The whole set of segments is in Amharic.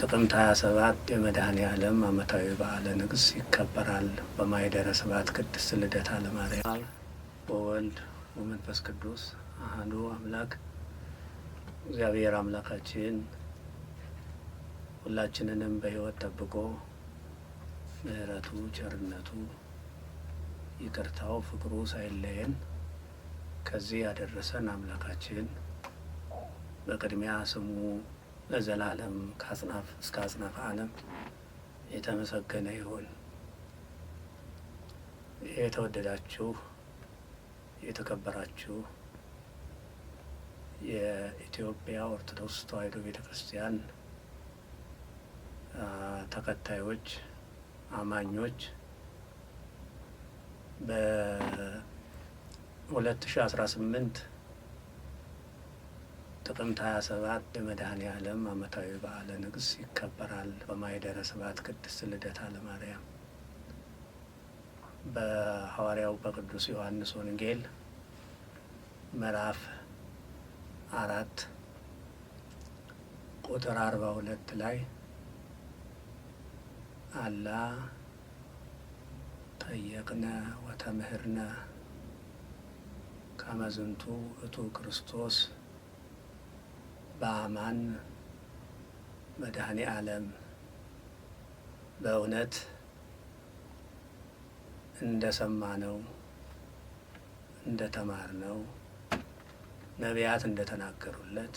ጥቅምት 27 የመድኃኔ ዓለም ዓመታዊ በዓለ ንግስ ይከበራል። በማይደረ ሰባት ቅድስት ልደታ ለማርያም በወልድ ወወልድ ወመንፈስ ቅዱስ አህዱ አምላክ እግዚአብሔር አምላካችን ሁላችንንም በሕይወት ጠብቆ ምሕረቱ፣ ቸርነቱ፣ ይቅርታው፣ ፍቅሩ ሳይለየን ከዚህ ያደረሰን አምላካችን በቅድሚያ ስሙ ለዘላለም ከአጽናፍ እስከ አጽናፍ ዓለም የተመሰገነ ይሁን። የተወደዳችሁ የተከበራችሁ የኢትዮጵያ ኦርቶዶክስ ተዋሕዶ ቤተ ክርስቲያን ተከታዮች፣ አማኞች በ2018 ጥቅምት 27 የመድኃኔ ዓለም ዓመታዊ በዓለ ንግስ ይከበራል። በማይደረ ስብሐት ቅድስት ልደታ ለማርያም በሐዋርያው በቅዱስ ዮሐንስ ወንጌል ምዕራፍ አራት ቁጥር አርባ ሁለት ላይ አላ ጠየቅነ ወተምህርነ ከመዝንቱ እቱ ክርስቶስ በአማን መድኃኔ ዓለም በእውነት እንደ ነው እንደ ነው ነቢያት እንደ ተናገሩለት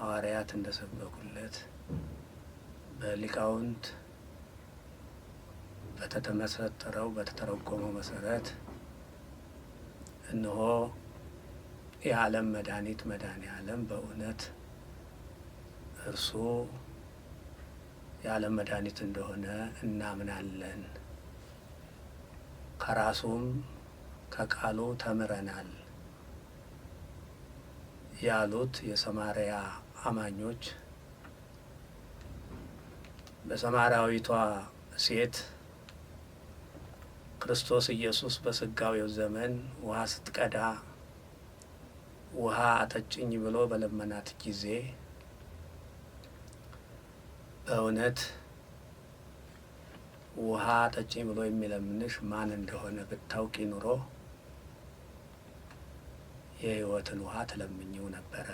ሐዋርያት እንደ ሰበኩለት በሊቃውንት በተመሰጠረው በተተረጎመው መሰረት እንሆ የዓለም መድኃኒት መድኃኔ ዓለም በእውነት እርሱ የዓለም መድኃኒት እንደሆነ እናምናለን። ከራሱም ከቃሉ ተምረናል ያሉት የሰማርያ አማኞች በሰማርያዊቷ ሴት ክርስቶስ ኢየሱስ በስጋዊው ዘመን ውሃ ስትቀዳ ውሃ አጠጭኝ ብሎ በለመናት ጊዜ በእውነት ውሃ አጠጭኝ ብሎ የሚለምንሽ ማን እንደሆነ ብታውቂ ኑሮ የሕይወትን ውሃ ትለምኝው ነበረ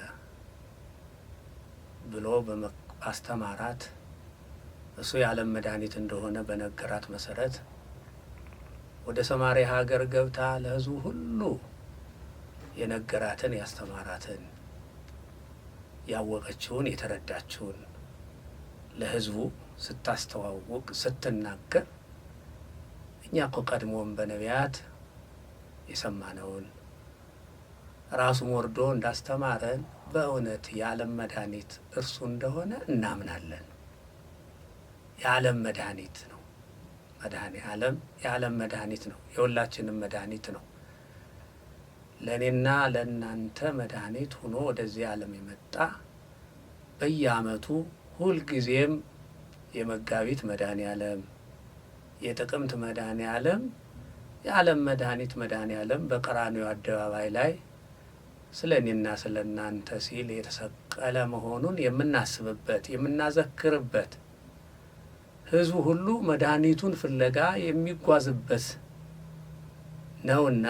ብሎ በአስተማራት እሱ የዓለም መድኃኒት እንደሆነ በነገራት መሰረት ወደ ሰማሪያ ሀገር ገብታ ለሕዝቡ ሁሉ የነገራትን ያስተማራትን ያወቀችውን የተረዳችውን ለህዝቡ ስታስተዋውቅ ስትናገር እኛ እኮ ቀድሞም በነቢያት የሰማነውን ራሱም ወርዶ እንዳስተማረን በእውነት የዓለም መድኃኒት እርሱ እንደሆነ እናምናለን። የዓለም መድኃኒት ነው። መድኃኒ ዓለም የዓለም መድኃኒት ነው። የሁላችንም መድኃኒት ነው። ለእኔና ለእናንተ መድኃኒት ሆኖ ወደዚህ ዓለም የመጣ በየዓመቱ ሁልጊዜም የመጋቢት መድኃኔ ዓለም የጥቅምት መድኃኔ ዓለም የዓለም መድኃኒት መድኃኔ ዓለም በቀራንዮ አደባባይ ላይ ስለ እኔና ስለ እናንተ ሲል የተሰቀለ መሆኑን የምናስብበት የምናዘክርበት ሕዝቡ ሁሉ መድኃኒቱን ፍለጋ የሚጓዝበት ነውና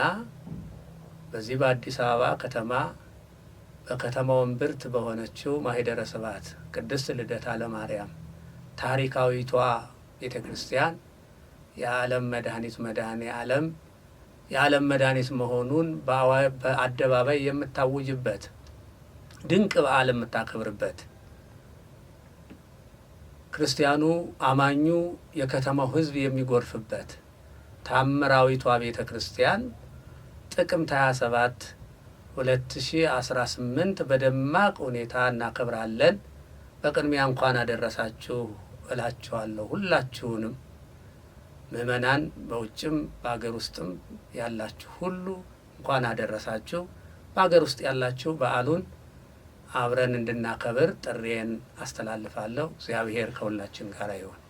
በዚህ በአዲስ አበባ ከተማ በከተማው እምብርት በሆነችው ማኅደረ ስብሐት ቅድስት ልደታ ለማርያም ታሪካዊቷ ቤተ ክርስቲያን የዓለም መድኃኒት መድኃኔ ዓለም የዓለም መድኃኒት መሆኑን በአደባባይ የምታውጅበት ድንቅ በዓል የምታከብርበት ክርስቲያኑ አማኙ የከተማው ሕዝብ የሚጎርፍበት ታምራዊቷ ቤተ ክርስቲያን ጥቅምት 27 2018 በደማቅ ሁኔታ እናከብራለን። በቅድሚያ እንኳን አደረሳችሁ እላችኋለሁ ሁላችሁንም ምእመናን በውጭም በሀገር ውስጥም ያላችሁ ሁሉ እንኳን አደረሳችሁ። በሀገር ውስጥ ያላችሁ በዓሉን አብረን እንድናከብር ጥሬን አስተላልፋለሁ። እግዚአብሔር ከሁላችን ጋር ይሆን።